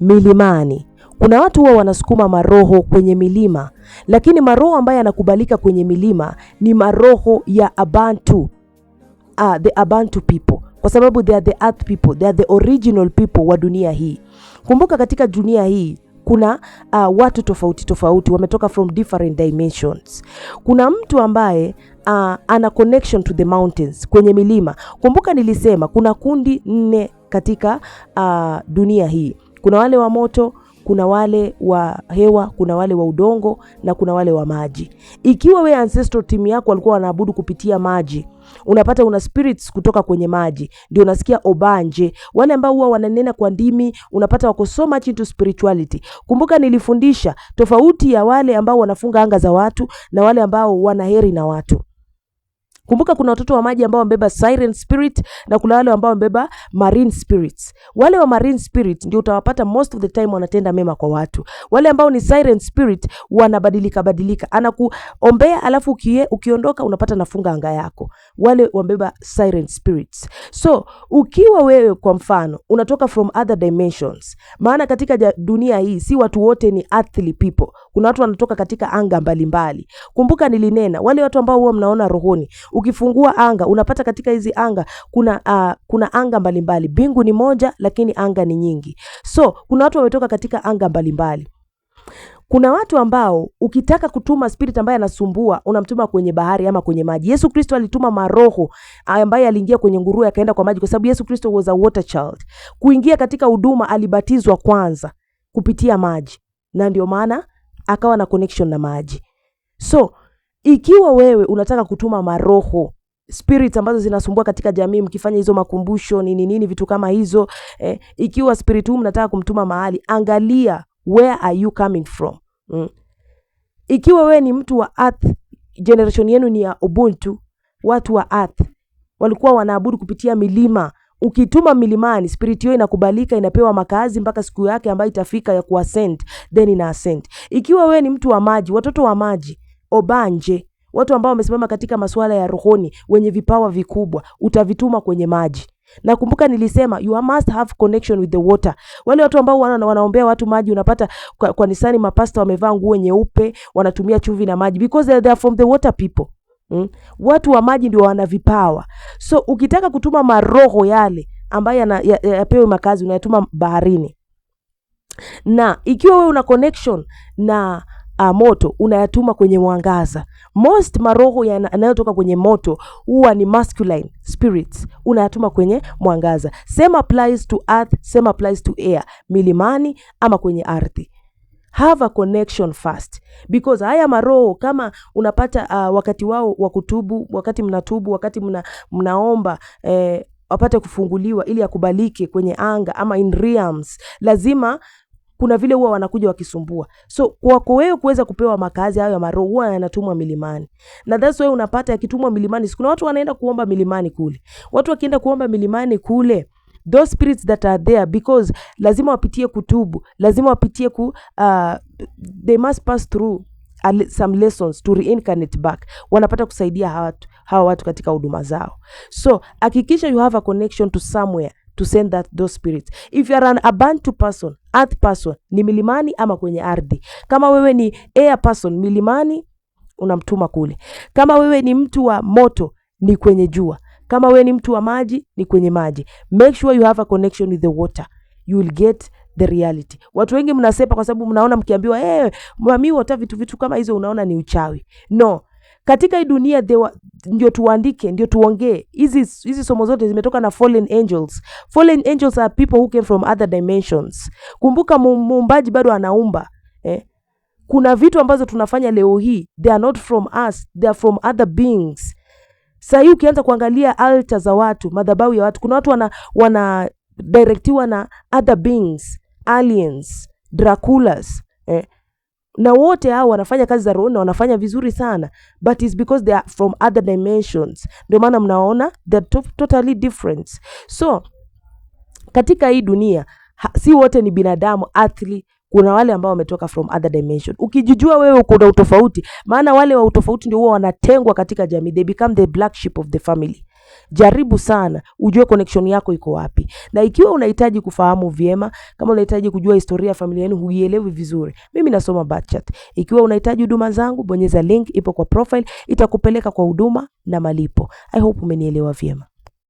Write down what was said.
milimani. Kuna watu huwa wanasukuma maroho kwenye milima, lakini maroho ambayo yanakubalika kwenye milima ni maroho ya Abantu. Ah, the Abantu people kwa sababu they are the earth people, they are the original people wa dunia hii. Kumbuka katika dunia hii kuna uh, watu tofauti tofauti wametoka from different dimensions. Kuna mtu ambaye uh, ana connection to the mountains, kwenye milima. Kumbuka nilisema kuna kundi nne katika uh, dunia hii. Kuna wale wa moto, kuna wale wa hewa, kuna wale wa udongo na kuna wale wa maji. Ikiwa we ancestral team yako walikuwa wanaabudu kupitia maji, unapata una spirits kutoka kwenye maji, ndio unasikia obanje. Wale ambao huwa wananena kwa ndimi, unapata wako so much into spirituality. Kumbuka nilifundisha tofauti ya wale ambao wanafunga anga za watu na wale ambao wanaheri na watu. Kumbuka kuna watoto wa maji ambao wamebeba siren spirit na kuna wale ambao wamebeba marine spirits. Wale wa marine spirit ndio utawapata most of the time wanatenda mema kwa watu. Wale ambao ni siren spirit wanabadilika badilika, anakuombea alafu ukie, ukiondoka unapata nafunga anga yako. Wale wamebeba siren spirits. So ukiwa wewe kwa mfano unatoka from other dimensions, maana katika dunia hii si watu wote ni earthly people. Kuna watu wanatoka katika anga mbalimbali mbali. Kumbuka nilinena wale watu ambao huwa mnaona rohoni Ukifungua anga unapata katika hizi anga kuna, uh, kuna anga mbalimbali. Bingu ni moja lakini anga ni nyingi, so kuna watu wametoka katika anga mbalimbali. Kuna watu ambao ukitaka kutuma spirit ambaye anasumbua unamtuma kwenye bahari ama kwenye maji. Yesu Kristo alituma maroho ambaye aliingia kwenye nguruwe akaenda kwa maji, kwa sababu Yesu Kristo was a water child. Kuingia katika huduma alibatizwa kwanza kupitia maji, na ndio maana akawa na connection na maji so ikiwa wewe unataka kutuma maroho spirit ambazo zinasumbua katika jamii, mkifanya hizo makumbusho nini nini vitu kama hizo eh, ikiwa spirit huu mnataka kumtuma mahali, angalia where are you coming from mm. Ikiwa wewe ni mtu wa earth, generation yenu ni ya Ubuntu, watu wa earth walikuwa wanaabudu kupitia milima. Ukituma milimani, spirit hiyo inakubalika, inapewa makazi mpaka siku yake ambayo itafika ya kuascend, then ina ascend. Ikiwa wewe ni mtu wa maji, watoto wa maji Obanje, watu ambao wamesimama katika masuala ya rohoni, wenye vipawa vikubwa, utavituma kwenye maji. Nakumbuka nilisema you must have connection with the water. Wale watu ambao wana, wanaombea watu maji, unapata kwa, kwa nisani mapasta wamevaa nguo nyeupe, wanatumia chumvi na maji because they are from the water people. Mm. Watu wa maji ndio wana vipawa. So ukitaka kutuma maroho yale ambayo yapewe ya, ya, ya makazi unayatuma baharini. Na ikiwa wewe una connection na uh, moto unayatuma kwenye mwangaza. Most maroho yanayotoka kwenye moto huwa ni masculine spirits, unayatuma kwenye mwangaza. Same applies to earth, same applies to air, milimani ama kwenye ardhi. Have a connection first because haya maroho kama unapata uh, wakati wao wa kutubu, wakati mnatubu, wakati mna, mnaomba eh, wapate kufunguliwa ili akubalike kwenye anga ama in realms, lazima kuna vile huwa wanakuja wakisumbua. So kwako wewe kuweza kupewa makazi hayo ya maroho huwa yanatumwa milimani, na that's why unapata yakitumwa milimani. Kuna watu wanaenda kuomba milimani kule, watu wakienda kuomba milimani kule those spirits that are there because lazima wapitie kutubu, lazima wapitie ku uh, they must pass through some lessons to reincarnate back. Wanapata kusaidia hawa watu, hawa watu katika huduma zao. So hakikisha you have a connection to somewhere to send that those spirits. If you are an abantu person, earth person, ni milimani ama kwenye ardhi. Kama wewe ni air person, milimani unamtuma kule. Kama wewe ni mtu wa moto, ni kwenye jua. Kama wewe ni mtu wa maji, ni kwenye maji. Make sure you have a connection with the water. You will get the reality. Watu wengi mnasepa kwa sababu mnaona mkiambiwa, eh, hey, mami wata vitu vitu kama hizo unaona ni uchawi. No, katika hii dunia dewa ndio tuandike, ndio tuongee. Hizi hizi somo zote zimetoka na fallen angels. Fallen angels are people who came from other dimensions. Kumbuka muumbaji bado anaumba eh? Kuna vitu ambazo tunafanya leo hii, they are not from us, they are from other beings. Sasa hii ukianza kuangalia altar za watu, madhabahu ya watu, kuna watu wana directiwa na other beings, aliens, Draculas, eh? na wote hao wanafanya kazi za roho na wanafanya vizuri sana, but it's because they are from other dimensions. Ndio maana mnaona they are totally different. So katika hii dunia ha, si wote ni binadamu athli kuna wale ambao wametoka from other dimension. Ukijijua wewe uko na utofauti, maana wale wa utofauti ndio huwa wanatengwa katika jamii, they become the black sheep of the family. Jaribu sana ujue connection yako iko wapi, na ikiwa unahitaji kufahamu vyema, kama unahitaji kujua historia ya familia yenu, huielewi vizuri, mimi nasoma birth chart. Ikiwa unahitaji huduma zangu, bonyeza link ipo kwa profile, itakupeleka kwa huduma na malipo. I hope umenielewa vyema.